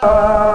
Hallelujah.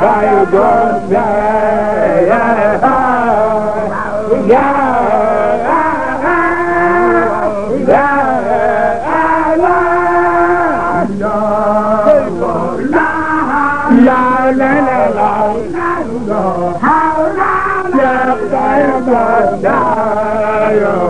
fire burns there. Yeah, yeah, yeah, yeah. La la la la la la la la la la la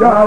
Yeah.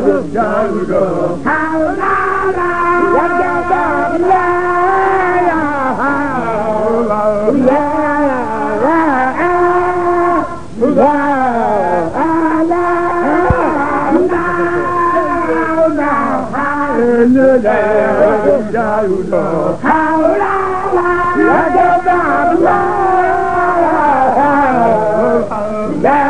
How la la, Yeah.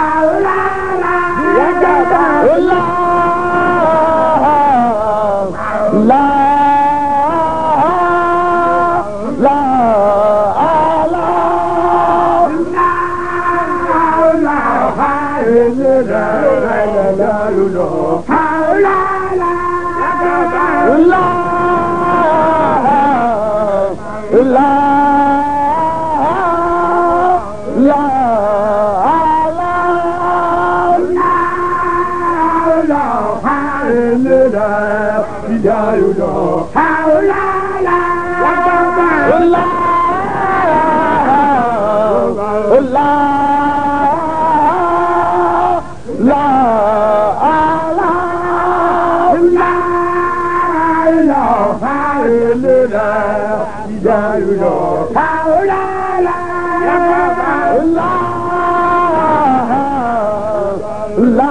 Allah Paulo, Paula, la, la, la, la, la, la, la, la, la, la, la, la, la,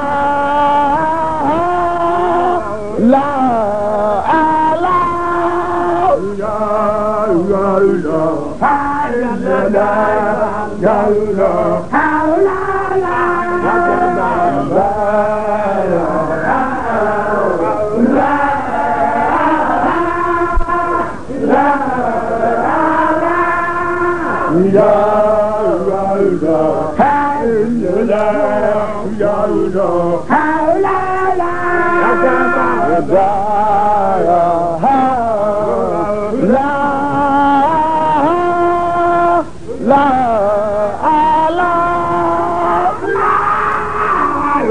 Yalla, how la la, la la la. Yeah.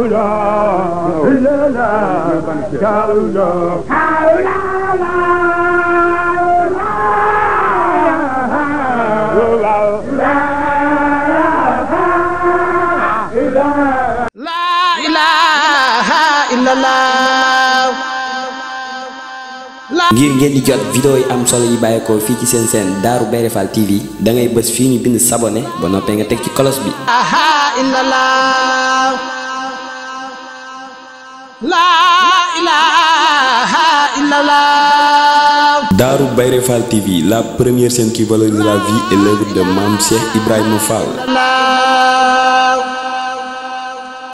Hallelujah, hallelujah, hallelujah, video ngir ngeen di jot video yi am solo yi bàyyeekoo fi ci sen sen daru berefal TV da ngay beus fi ñu bind s'abonner ba noppee nga tek ci colosse bi. Darou Bayré Fall TV, la première scène qui valorise la vie et l'œuvre de Mamsieh Ibrahim Fall.